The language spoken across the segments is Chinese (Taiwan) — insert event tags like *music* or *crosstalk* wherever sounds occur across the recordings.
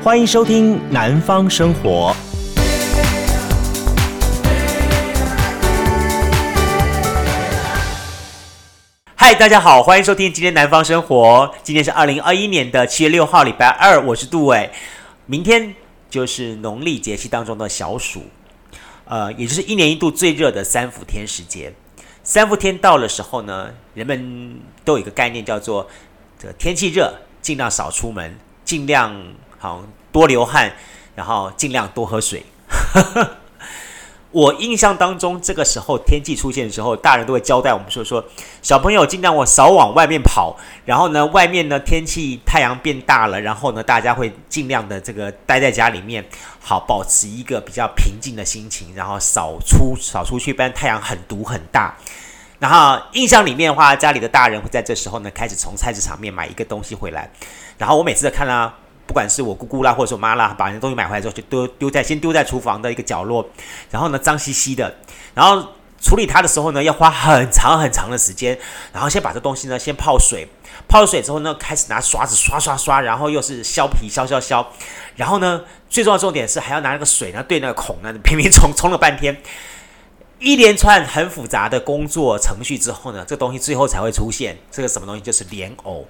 歡迎收聽《南方聲活》。嗨，大家好，歡迎收聽今天《南方聲活》。今天是二零二一年的七月六號，禮拜二，我是杜韋。明天就是農曆節氣當中的小暑，呃，也就是一年一度最熱的三伏天時節。三伏天到了的時候呢，人們都有一個概念，叫做這、呃、天氣熱，盡量少出門，盡量。好多流汗，然後盡量多喝水。 *laughs* 我印象當中，這個時候天氣出現的時候，大人都會交代我們說：“說小朋友盡量我少往外面跑。”然後呢，外面呢天氣太陽變大了，然後呢大家會盡量的這個待在家裡面，好保持一個比較平靜的心情，然後少出少出去，不然太陽很毒很大。然後印象裡面的話，家裡的大人會在這時候呢開始從菜市場面買一個東西回來。然後我每次都看呢、啊。不管是我姑姑啦，或者是我媽啦，把人家東西買回來之後就就丟丟在先丟在廚房的一個角落，然後呢髒兮兮的，然後處理它的時候呢，要花很長很長的時間，然後先把這東西呢先泡水，泡水之後呢，開始拿刷子刷刷刷，然後又是削皮、削削削，然後呢最重要的重點是還要拿那個水呢對那個孔呢，那拼命沖，沖了半天，一連串很複雜的工作程序之後呢，這東西最後才會出現，這個什麼東西就是蓮藕，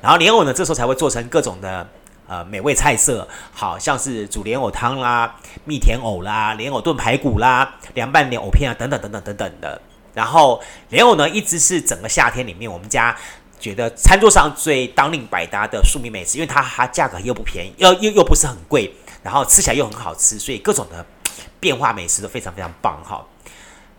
然後蓮藕呢這時候才會做成各種的。呃，美味菜色，好像是煮蓮藕湯啦、蜜甜藕啦、蓮藕燉排骨啦、涼拌蓮藕片啊，等等等等等等的。然後蓮藕呢，一直是整個夏天裡面我們家覺得餐桌上最當令、百搭的庶民美食，因為它它價格又不便宜，又又又不是很貴，然後吃起來又很好吃，所以各種的變化美食都非常非常棒哈。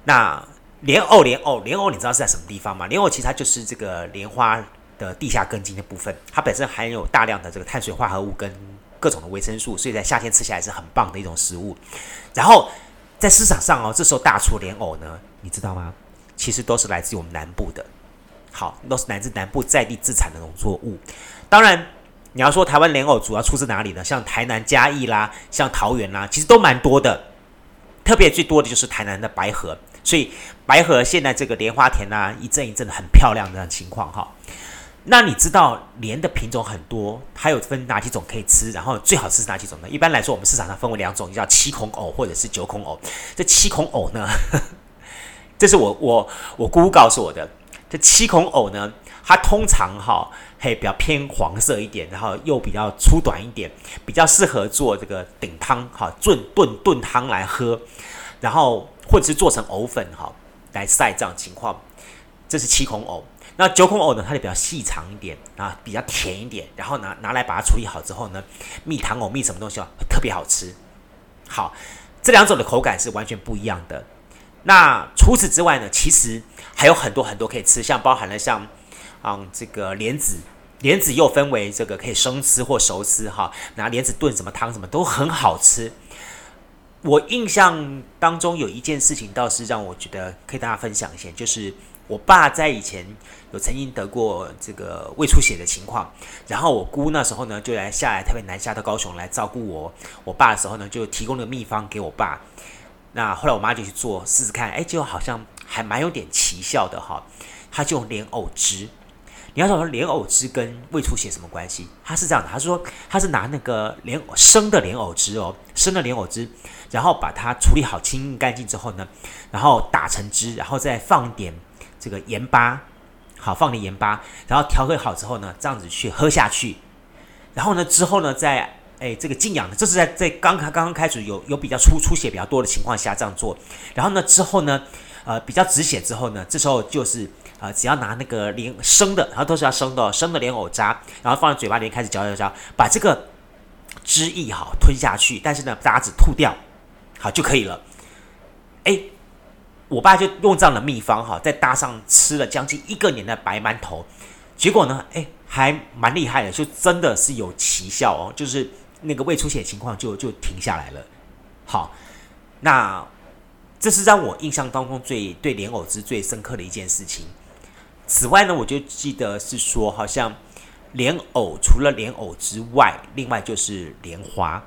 那蓮藕，蓮藕，蓮藕，你知道是在什麼地方嗎？蓮藕其實它就是這個蓮花。的地下根莖的部分，它本身含有大量的這個碳水化合物跟各種的維生素，所以在夏天吃起來是很棒的一種食物。然後在市場上哦，這時候大出蓮藕呢，你知道嗎？其實都是來自於我們南部的，好，都是來自南部在地自產的農作物。當然，你要說台灣蓮藕主要出自哪裡呢？像台南嘉義啦，像桃園啦，其實都蠻多的。特別最多的就是台南的白河，所以白河現在這個蓮花田吶、啊，一陣一陣的很漂亮的情況哈、哦。那你知道蓮的品種很多，它有分哪幾種可以吃？然後最好吃是哪幾種呢？一般來說，我們市場上分為兩種，叫七孔藕或者是九孔藕。這七孔藕呢，呵呵這是我我我姑姑告訴我的。這七孔藕呢，它通常哈、哦，嘿比較偏黃色一點，然後又比較粗短一點，比較適合做這個燉湯哈，燉燉燉湯來喝，然後或者是做成藕粉哈、哦，來曬。這種情況，這是七孔藕。那九孔藕呢，它就比較細長一點啊，比較甜一點，然後拿拿來把它處理好之後呢，蜜糖藕蜜什麼東西哦啊，特別好吃。好，這兩種的口感是完全不一樣的。那除此之外呢，其實還有很多很多可以吃，像包含了像嗯這個蓮子，蓮子又分為這個可以生吃或熟吃哈，拿蓮子燉什麼湯什麼都很好吃。我印象當中有一件事情倒是讓我覺得可以跟大家分享一下，就是。我爸在以前有曾經得過這個胃出血的情況，然後我姑那時候呢就來下來，特別南下到高雄來照顧我。我爸的時候呢就提供了秘方給我爸，那後來我媽就去做試試看，哎，結果好像還蠻有點奇效的哈。他就用蓮藕汁，你要知道蓮藕汁跟胃出血什麼關係？他是這樣的，他說他是拿那個蓮藕生的蓮藕汁哦，生的蓮藕汁，然後把它處理好、清乾淨之後呢，然後打成汁，然後再放點。這個鹽巴，好，放點鹽巴，然後調和好之後呢，這樣子去喝下去。然後呢，之後呢，再哎，這個靜養。這是在在剛剛剛剛開始有有比較出出血比較多的情況下這樣做。然後呢，之後呢，呃比較止血之後呢，這時候就是呃只要拿那個蓮生的，然後都是要生的生的蓮藕渣，然後放在嘴巴裡面開始嚼嚼嚼，把這個汁液哈吞下去，但是呢渣子吐掉，好，就可以了。哎。我爸就用這樣的秘方哈，再搭上吃了將近一個年的白饅頭，結果呢，誒、欸，還蠻厲害的，就真的是有奇效哦，就是那個胃出血情況就就停下來了。好，那這是讓我印象當中最對蓮藕汁最深刻的一件事情。此外呢，我就記得是說，好像蓮藕除了蓮藕之外，另外就是蓮花。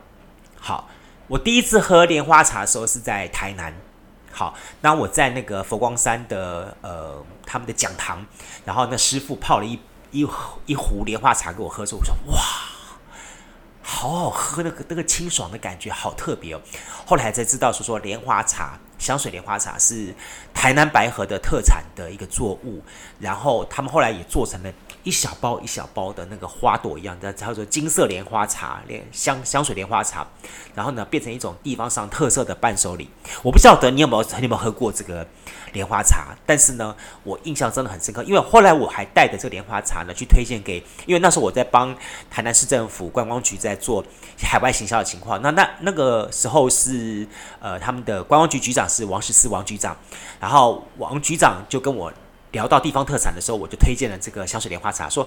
好，我第一次喝蓮花茶的時候是在台南。好，那我在那個佛光山的呃他們的講堂，然後那師父泡了一一壺一壺蓮花茶給我喝的時候，說我說哇，好好喝，那個那個清爽的感覺好特別哦。後來才知道說說蓮花茶。香水蓮花茶是台南白河的特產的一個作物，然後他們後來也做成了一小包一小包的那個花朵一樣的，叫做金色蓮花茶、蓮香香水蓮花茶，然後呢，變成一種地方上特色的伴手禮。我不曉得你有沒有、你有沒有喝過這個蓮花茶，但是呢，我印象真的很深刻，因為後來我還帶着這個蓮花茶呢去推薦給，因為那時候我在幫台南市政府觀光局在做海外行銷的情況，那那那個時候是呃他們的觀光局局長。是王十四王局長，然後王局長就跟我聊到地方特產的時候，我就推薦了這個香水蓮花茶，說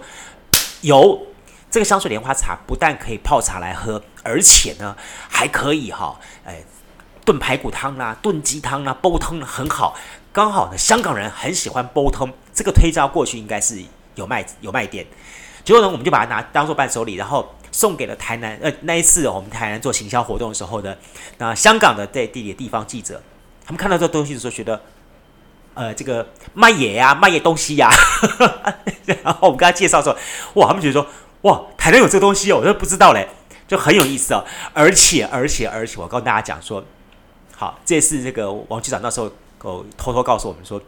有這個香水蓮花茶不但可以泡茶來喝，而且呢還可以哈，誒、欸、燉排骨湯啦、啊、燉雞湯啦、煲湯很好。剛好呢，香港人很喜歡煲湯，這個推招過去應該是有賣有賣點。結果呢，我們就把它拿當做伴手禮，然後送給了台南。呃，那一次我們台南做行銷活動的時候呢，那香港的在地理的地方記者。他們看到這個東西的時候，覺得，呃，這個賣野呀，賣野、啊、東西呀、啊，然後我們跟他介紹說，哇，他們覺得說，哇，台灣有這個東西哦，我說不知道嘞，就很有意思哦。而且，而且，而且，我跟大家講說，好，這是這個王局長那時候哦偷偷告訴我們說，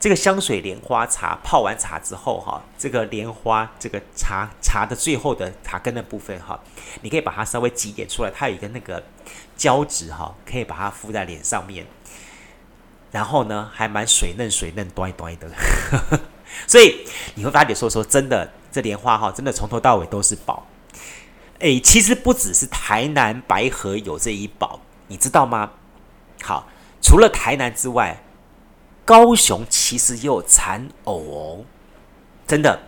這個香水蓮花茶泡完茶之後哈，這個蓮花這個茶茶的最後的茶根的部分哈，你可以把它稍微擠點出來，它有一個那個。膠質哈，可以把它敷在臉上面，然後呢，還蠻水嫩水嫩，端端的。 *laughs* 所以你會發覺，說說真的，這蓮花哈，真的從頭到尾都是寶。哎、欸，其實不只是台南白河有這一寶，你知道嗎？好，除了台南之外，高雄其實也有產藕、哦，真的。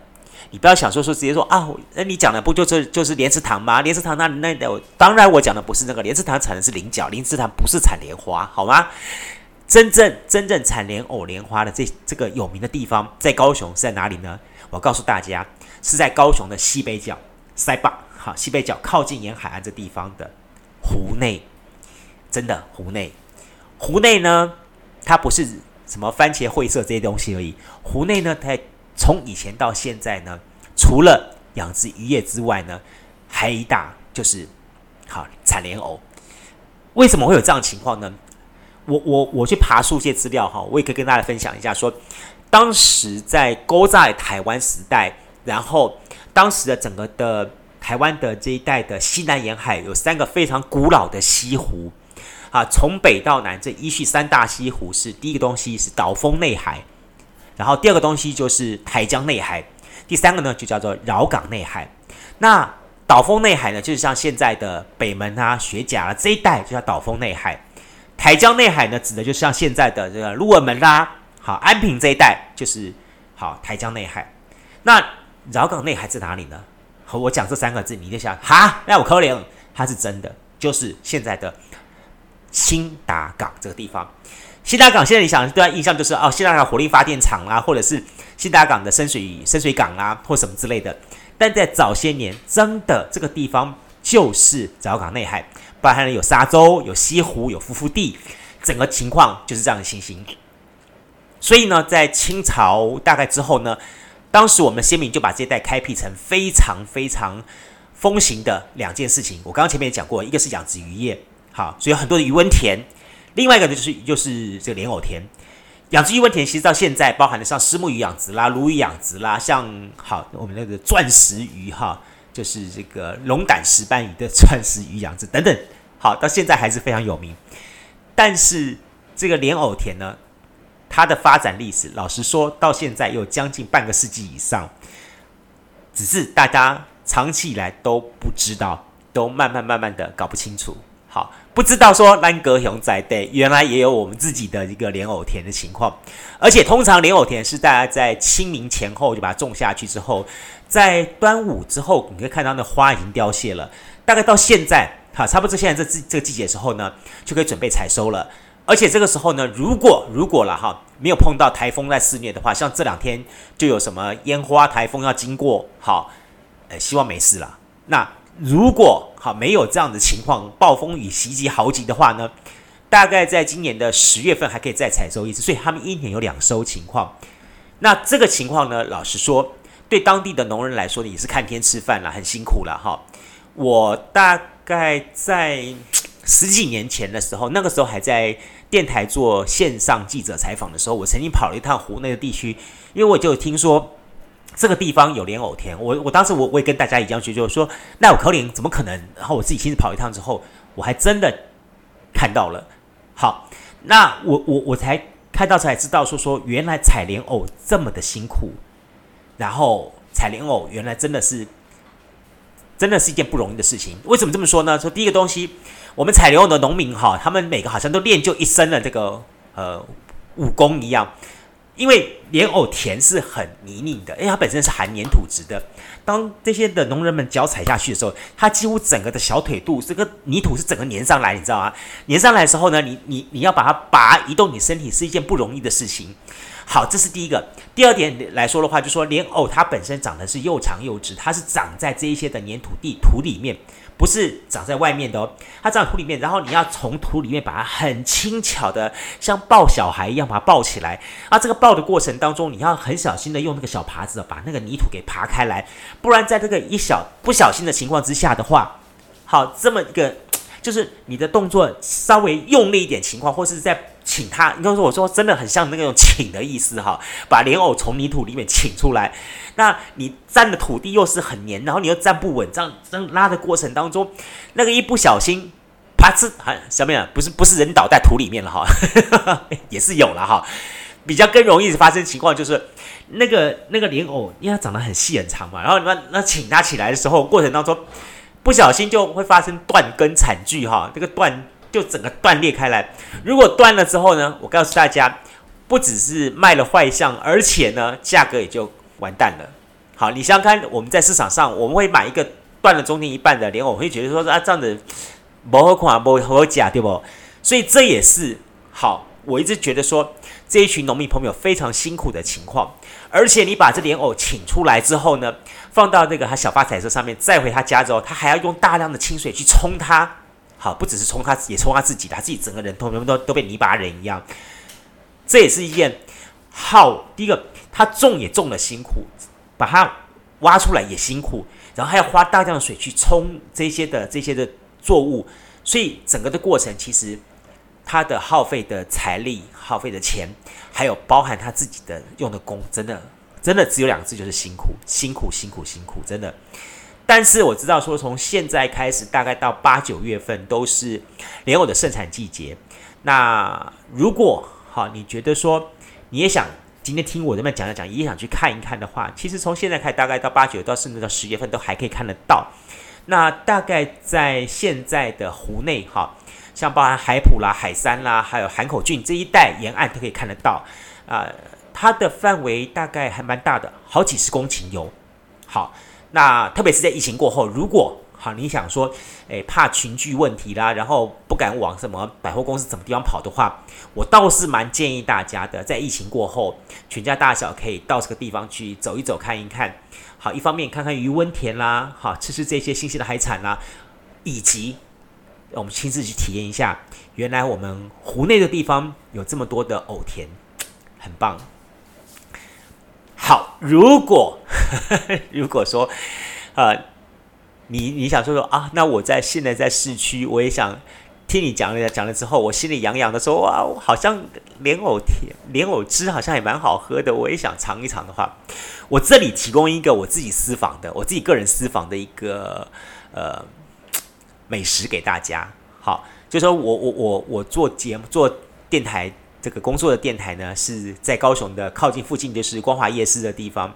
你不要想說說直接說啊，那你講的不就是就是蓮池塘嗎？蓮池塘那那，那當然我講的不是那個蓮池塘，產的是菱角，蓮池塘不是產蓮花，好嗎？真正真正產蓮藕、蓮花的這這個有名的地方，在高雄是在哪裡呢？我告訴大家，是在高雄的西北角，塞壩哈，西北角靠近沿海岸這地方的湖內，真的湖內，湖內呢，它不是什麼番茄、灰色這些東西而已，湖內呢，它。從以前到現在呢，除了養殖漁業之外呢，還有一大就是，好，產蓮藕。為什麼會有這樣的情況呢？我我我去爬樹借資料哈，我也可以跟大家分享一下說。說當時在溝在台灣時代，然後當時的整個的台灣的這一帶的西南沿海有三個非常古老的潟湖，啊，從北到南這依序三大潟湖是第一個東西是倒風內海。然後第二個東西就是台江內海，第三個呢就叫做蟯港內海。那倒風內海呢，就是像現在的北門啊、學甲、啊、這一帶，就叫倒風內海。台江內海呢，指的就是像現在的這個鹿耳門啦、啊、好安平這一帶，就是好台江內海。那蟯港內海在哪裡呢？和我講這三個字，你就想哈，那我扣零，它是真的，就是現在的興達港這個地方。興達港現在你想對他印象就是哦，興達港火力發電廠啊，或者是興達港的深水深水港啊，或什麼之類的。但在早些年，真的這個地方就是蟯港內海，包含有沙洲、有潟湖、有浮覆地，整個情況就是這樣的情形。所以呢，在清朝大概之後呢，當時我們先民就把這一帶開闢成非常非常風行的兩件事情。我剛剛前面也講過，一個是養殖漁業，好，所以有很多的魚塭田。另外一個呢，就是就是這個蓮藕田養殖魚塭田，其實到現在包含的像虱目魚養殖啦、鱸魚養殖啦，像好我們那個鑽石魚哈，就是這個龍膽石斑魚的鑽石魚養殖等等，好到現在還是非常有名。但是這個蓮藕田呢，它的發展歷史，老實說到現在有將近半個世紀以上，只是大家長期以來都不知道，都慢慢慢慢的搞不清楚。好，不知道說咱高雄在地，原來也有我們自己的一個蓮藕田的情況，而且通常蓮藕田是大家在清明前後就把它種下去之後，在端午之後你可以看到那花已經凋謝了，大概到現在，哈，差不多現在這這這個季節的時候呢，就可以準備採收了。而且這個時候呢，如果如果了哈，沒有碰到颱風在肆虐的話，像這兩天就有什麼煙花颱風要經過，好，呃，希望沒事了。那。如果好沒有這樣的情況，暴風雨襲擊豪幾的話呢，大概在今年的十月份還可以再採收一次，所以他們一年有兩收情況。那這個情況呢，老實說，對當地的農人來說，也是看天吃飯了，很辛苦了哈。我大概在十幾年前的時候，那個時候還在電台做線上記者採訪的時候，我曾經跑了一趟湖內的地區，因為我就聽說。這個地方有蓮藕田，我我當時我我也跟大家一樣去，就是說那有可能怎麼可能？然後我自己親自跑一趟之後，我還真的看到了。好，那我我我才看到才知道說，說原來採蓮藕這麼的辛苦，然後採蓮藕原來真的是真的是一件不容易的事情。為什麼這麼說呢？說第一個東西，我們採蓮藕的農民哈，他們每個好像都練就一身的這個呃武功一樣。因為蓮藕田是很泥濘的，因為它本身是含粘土質的。當這些的農人們腳踩下去的時候，它幾乎整個的小腿肚，這個泥土是整個粘上來，你知道嗎？粘上來的時候呢，你你你要把它拔，移動你身體是一件不容易的事情。好，這是第一個。第二點來說的話，就說蓮藕它本身長得是又長又直，它是長在這一些的粘土地土裡面，不是長在外面的哦。它長在土裡面，然後你要從土裡面把它很輕巧的像抱小孩一樣把它抱起來。啊，這個抱的過程當中，你要很小心的用那個小耙子把那個泥土給耙開來，不然在這個一小不小心的情況之下的話，好，這麼一個就是你的動作稍微用力一點情況，或是在。請他，你跟我說，我說真的很像那個“請”的意思哈，把蓮藕從泥土裡面請出來。那你站的土地又是很黏，然後你又站不穩，這樣這樣拉的過程當中，那個一不小心，啪嗤，什麼呀？不是不是人倒在土裡面了哈，也是有了哈。比較更容易發生情況就是，那個那個蓮藕因為它長得很細很長嘛，然後你那那請它起來的時候過程當中，不小心就會發生斷根慘劇哈，這、那個斷。就整個斷裂開來。如果斷了之後呢？我告訴大家，不只是壞了賣相，而且呢，價格也就完蛋了。好，你想想看，我們在市場上，我們會買一個斷了中間一半的蓮藕，會覺得說啊，這樣子不好看，無好看、無好呷，對不對？所以這也是好，我一直覺得說這一群農民朋友非常辛苦的情況。而且你把這蓮藕請出來之後呢，放到那個他小發財車上面，再回他家之後，他還要用大量的清水去沖它。好，不只是沖他，也沖他自己，他自己整個人都都都被泥巴人一樣。這也是一件耗。第一個，他種也種了辛苦，把它挖出來也辛苦，然後還要花大量的水去沖這些的這些的作物，所以整個的過程其實他的耗費的財力、耗費的錢，還有包含他自己的用的工，真的真的只有兩個字，就是辛苦、辛苦、辛苦、辛苦，真的。但是我知道，說從現在開始，大概到八九月份都是蓮藕的盛產季節。那如果好，你覺得說你也想今天聽我這邊講一講，你也想去看一看的話，其實從現在開始，大概到八九到甚至到十月份都還可以看得到。那大概在現在的湖內哈，像包含海埔啦、海山啦，還有涵口圳這一帶沿岸都可以看得到。啊、呃，它的範圍大概還蠻大的，好幾十公頃喲。好。那特別是在疫情過後，如果好你想說，誒、欸、怕群聚問題啦，然後不敢往什麼百貨公司、什麼地方跑的話，我倒是蠻建議大家的，在疫情過後，全家大小可以到這個地方去走一走、看一看。好，一方面看看魚塭田啦，好，吃吃這些新鮮的海產啦，以及我們親自去體驗一下，原來我們湖內的地方有這麼多的藕田，很棒。好，如果呵呵如果說，呃，你你想說說啊，那我在現在在市區，我也想聽你講了講了之後，我心裡癢癢的，說，哇，好像蓮藕甜蓮藕汁好像也蠻好喝的，我也想嘗一嘗的話，我這裡提供一個我自己私房的，我自己個人私房的一個呃美食給大家。好，就是說我我我我做節目做電台。這個工作的電台呢，是在高雄的靠近附近，就是光華夜市的地方。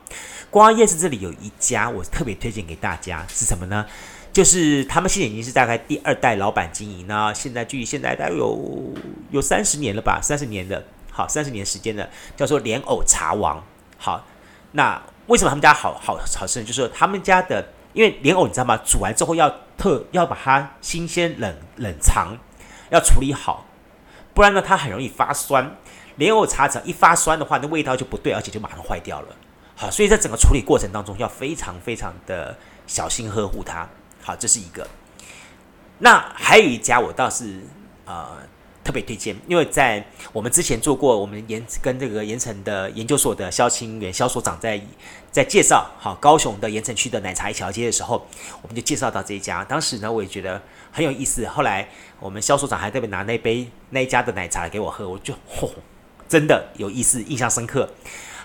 光華夜市這裡有一家我特別推薦給大家，是什麼呢？就是他們現在已經是大概第二代老板經營啊，現在距離現在大概有有三十年了吧，三十年的好，三十年時間了，叫做蓮藕茶王。好，那為什麼他們家好好好吃呢？就是他們家的，因為蓮藕你知道嗎？煮完之後要特要把它新鮮冷冷藏，要處理好。不然呢，它很容易發酸。蓮藕茶只要一發酸的話，那味道就不對，而且就馬上壞掉了。好，所以在整個處理過程當中，要非常非常的小心呵護它。好，這是一個。那還有一家，我倒是呃。特別推薦，因為在我們之前做過，我們研跟這個鹽埕的研究所的蕭清源蕭所長在在介紹好高雄的鹽埕區的奶茶一條街的時候，我們就介紹到這一家。當時呢，我也覺得很有意思。後來我們蕭所長還特別拿那杯那一家的奶茶給我喝，我就吼，吼，真的有意思，印象深刻。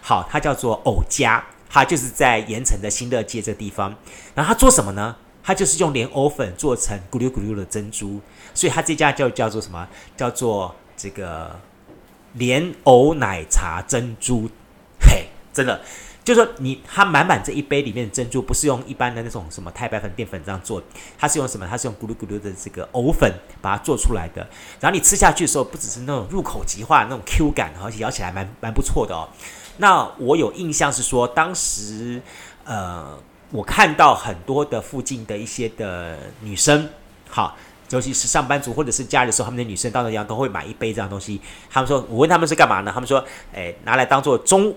好，它叫做藕家，它就是在鹽埕的新樂街這個地方。然後它做什麼呢？它就是用蓮藕粉做成咕嚕咕嚕的珍珠。所以它這家叫叫做什麼？叫做這個蓮藕奶茶珍珠，嘿，真的就是說，你它滿滿這一杯裡面的珍珠不是用一般的那種什麼太白粉、澱粉這樣做，它是用什麼？它是用咕嚕咕嚕的這個藕粉把它做出來的。然後你吃下去的時候，不只是那種入口即化那種 Q 感，而且咬起來蠻蠻不錯的哦。那我有印象是說，當時呃，我看到很多的附近的一些的女生，哈。尤其是上班族或者是家裡的時候，他們的女生到那地方都會買一杯這樣東西。他們說：“我問他們是幹嘛呢？”他們說：“誒、欸，拿來當做中午，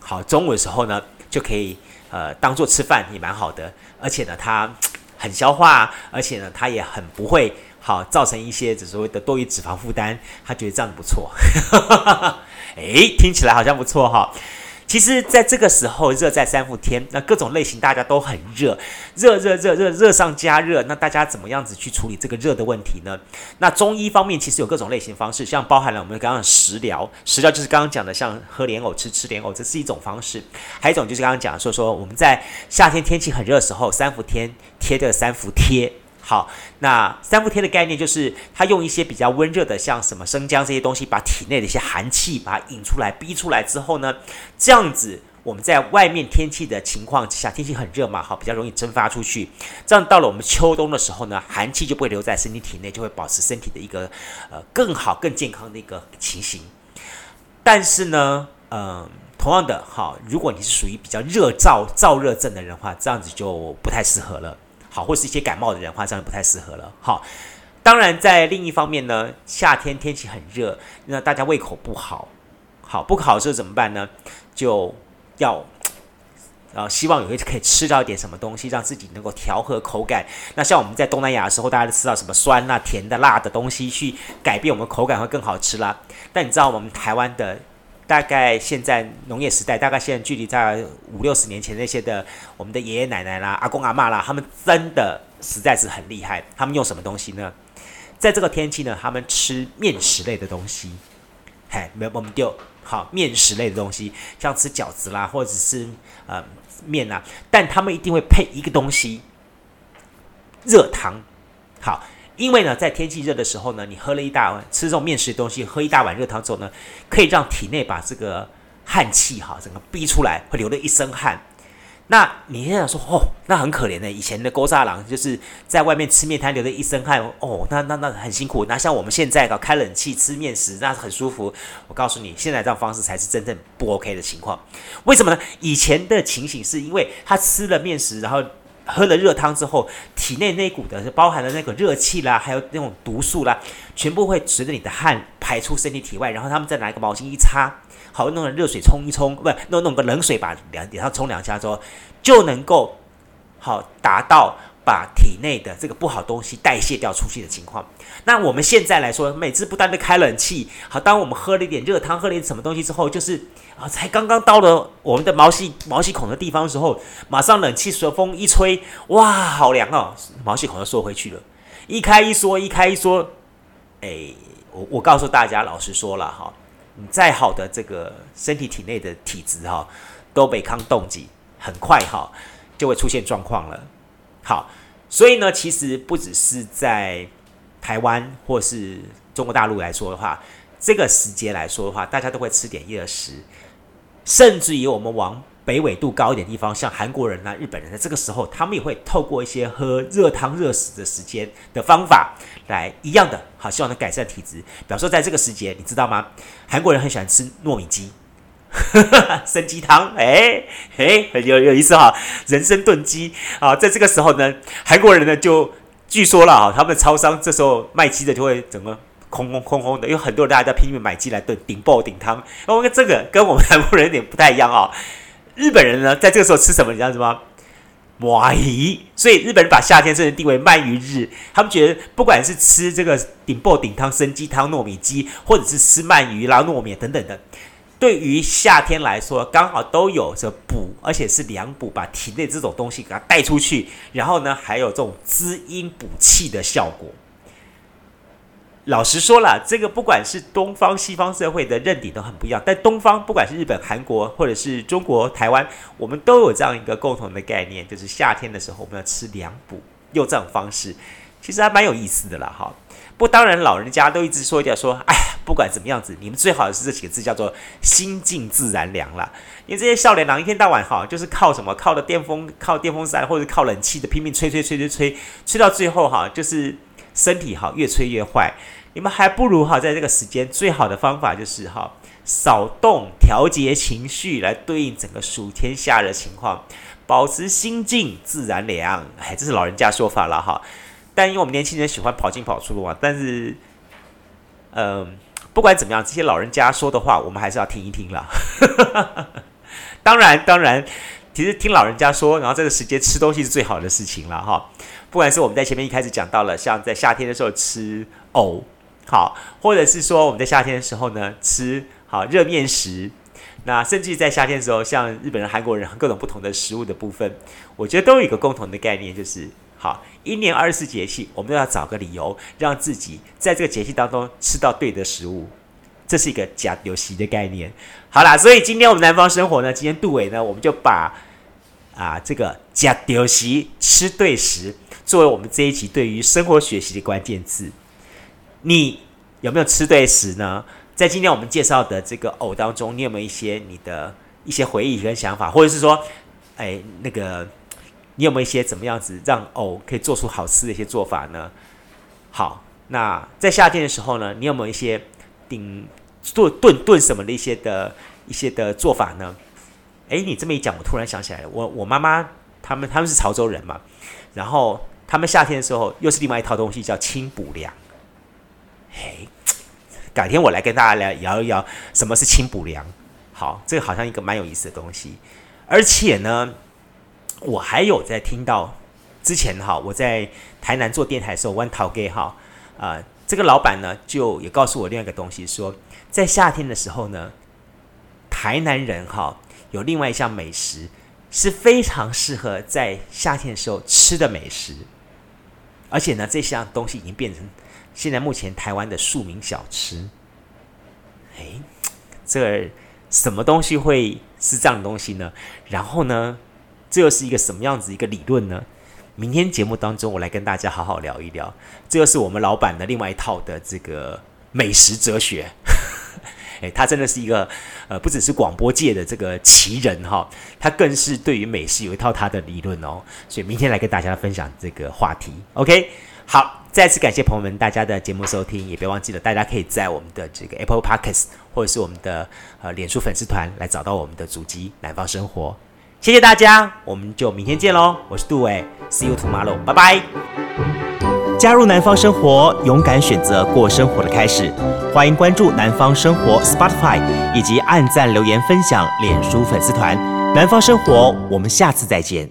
好中午的時候呢，就可以呃當做吃飯也蠻好的。而且呢，它很消化，而且呢，它也很不會好造成一些所謂的多餘脂肪負擔。他覺得這樣子不錯，誒、 *laughs* 欸，聽起來好像不錯哈。”其實，在這個時候，熱在三伏天，那各種類型大家都很熱，熱熱熱熱熱上加熱，那大家怎麼樣子去處理這個熱的問題呢？那中醫方面其實有各種類型方式，像包含了我們剛剛的食療，食療就是剛剛講的，像喝蓮藕、吃吃蓮藕，這是一種方式；還有一種就是剛剛講的說說我們在夏天天氣很熱的時候，三伏天貼這個三伏貼。好，那三伏天的概念就是，它用一些比較溫熱的，像什麼生薑這些東西，把體內的一些寒氣把它引出來、逼出來之後呢，這樣子我們在外面天氣的情況之下，天氣很熱嘛，好，比較容易蒸發出去。這樣到了我們秋冬的時候呢，寒氣就不會留在身體體內，就會保持身體的一個呃更好、更健康的一個情形。但是呢，嗯、呃，同樣的哈，如果你是屬於比較熱燥燥熱症的人的話，這樣子就不太適合了。好，或是一些感冒的人的話，話這樣就不太適合了。好，當然在另一方面呢，夏天天氣很熱，那大家胃口不好，好不好的時候怎麼辦呢？就要，呃，希望有些可以吃到一點什麼東西，讓自己能夠調和口感。那像我們在東南亞的時候，大家都吃到什麼酸辣甜的、辣的東西，去改變我們口感會更好吃啦。但你知道我們台灣的。大概現在農業時代，大概現在距離在五六十年前那些的我們的爺爺奶奶啦、阿公阿嬤啦，他們真的實在是很厲害。他們用什麼東西呢？在這個天氣呢，他們吃麵食類的東西。嘿，沒有，我們就好麵食類的東西，像吃餃子啦，或者是呃麵啊，但他們一定會配一個東西，熱湯。好。因為呢，在天氣熱的時候呢，你喝了一大碗吃這種麵食的東西，喝一大碗熱湯之後呢，可以讓體內把這個汗氣哈整個逼出來，會流了一身汗。那你現在想說哦，那很可憐的，以前的古早人就是在外面吃麵攤流了一身汗，哦，那那那，那很辛苦。那像我們現在搞開冷氣吃麵食，那很舒服。我告訴你，現在這種方式才是真正不 OK 的情況。為什麼呢？以前的情形是因為他吃了麵食，然後。喝了熱湯之後，體內那股的，包含的那個熱氣啦，還有那種毒素啦，全部會隨着你的汗排出身體體外，然後他們再拿一個毛巾一擦，好弄點熱水沖一沖，不是弄弄個冷水把兩，臉上沖兩下之後，就能夠好達到。把體內的這個不好東西代謝掉出去的情況。那我們現在來說，每次不斷的開冷氣，好，當我們喝了一點熱湯，喝了一點什麼東西之後，就是啊、哦，才剛剛到了我們的毛細毛細孔的地方的時候，馬上冷氣隨風一吹，哇，好涼哦，毛細孔又縮回去了，一開一縮，一開一縮。哎，我我告訴大家，老實說了哈，你再好的這個身體體內的體質哈，都被抗凍劑很快哈就會出現狀況了。好，所以呢，其實不只是在台灣或是中國大陸來說的話，這個時節來說的話，大家都會吃點熱食，甚至於我們往北緯度高一點地方，像韓國人啊、日本人、啊，在這個時候，他們也會透過一些喝熱湯、熱食的時間的方法來一樣的，好，希望能改善體質。比方說，在這個時節，你知道嗎？韓國人很喜歡吃糯米雞。 *laughs* 參雞湯，哎、欸、哎、欸，有有意思哈、哦！人參燉雞啊，在這個時候呢，韓國人呢就據說了啊、哦，他們的超商這時候賣雞的就會整個空空空空的，有很多人還在拼命買雞來燉頂煲頂湯。我、哦、跟這個跟我們韓國人有點不太一樣啊、哦。日本人呢，在這個時候吃什麼？你知道什麼？鰻所以日本人把夏天真的定為鰻魚日。他們覺得不管是吃這個頂煲頂湯、參雞湯、糯米雞，或者是吃鰻魚、撈糯米等等的。對於夏天來說，剛好都有着補，而且是涼補，把體內這種東西給它帶出去。然後呢，還有這種滋陰補氣的效果。老實說了，這個不管是東方、西方社會的認定都很不一樣。但東方，不管是日本、韓國或者是中國台灣，我們都有這樣一個共同的概念，就是夏天的時候我們要吃涼補，用這種方式，其實還蠻有意思的了哈。好不，當然老人家都一直說一點說，哎呀，不管怎麼樣子，你們最好是這幾個字叫做“心靜自然涼”啦。因為這些少年郎一天到晚哈，就是靠什麼，靠的電風，靠電風扇或者靠冷氣的拼命吹吹吹吹吹，吹到最後哈，就是身體哈越吹越壞。你們還不如哈，在這個時間最好的方法就是哈少動，調節情緒來對應整個暑天下熱情況，保持心靜自然涼。哎，這是老人家說法了哈。但因為我們年輕人喜歡跑進跑出路嘛，但是，嗯、呃，不管怎麼樣，這些老人家說的話，我們還是要聽一聽啦 *laughs* 當然，當然，其實聽老人家說，然後這個時間吃東西是最好的事情了哈。不管是我們在前面一開始講到了，像在夏天的時候吃藕、哦，好，或者是說我們在夏天的時候呢吃好熱麵食，那甚至在夏天的時候，像日本人、韓國人各種不同的食物的部分，我覺得都有一個共同的概念，就是好。一年二十四節氣，我們都要找個理由，讓自己在這個節氣當中吃到對的食物，這是一個“呷對時”的概念。好啦，所以今天我們南方聲活呢，今天杜韋呢，我們就把啊這個“呷對時”吃對時，作為我們這一集對於生活學習的關鍵字。你有沒有吃對時呢？在今天我們介紹的這個藕當中，你有沒有一些你的一些回憶跟想法，或者是說，哎，那個？你有沒有一些怎麼樣子讓藕、哦、可以做出好吃的一些做法呢？好，那在夏天的時候呢，你有沒有一些頂燉燉燉什麼的一些的一些的做法呢？誒、欸，你這麼一講，我突然想起來了，我我媽媽他們他們是潮州人嘛，然後他們夏天的時候又是另外一套東西叫清補涼。嘿，改天我來跟大家聊，聊一聊什麼是清補涼。好，這個好像一個蠻有意思的東西，而且呢。我還有在聽到之前哈，我在台南做電臺的時候，問頭家哈，啊、呃，這個老板呢就也告訴我另外一個東西說，說在夏天的時候呢，台南人哈有另外一項美食是非常適合在夏天的時候吃的美食，而且呢這項東西已經變成現在目前台灣的庶民小吃。誒，這什麼東西會是這樣的東西呢？然後呢？這又是一個什麼樣子一個理論呢？明天節目當中，我來跟大家好好聊一聊。這又是我們老闆的另外一套的這個美食哲學。誒、欸，他真的是一個呃，不只是廣播界的這個奇人哈、哦，他更是對於美食有一套他的理論哦。所以明天來跟大家分享這個話題。OK，好，再次感謝朋友們大家的節目收聽，也別忘記了大家可以在我們的這個 Apple Podcast 或者是我們的呃臉書粉絲團來找到我們的主機南方聲活。謝謝大家，我們就明天見嘍！我是杜韋，See you tomorrow，拜拜！加入南方聲活，勇敢選擇過生活的開始，歡迎關注南方聲活 Spotify，以及按讚、留言、分享、臉書粉絲團。南方聲活，我們下次再見。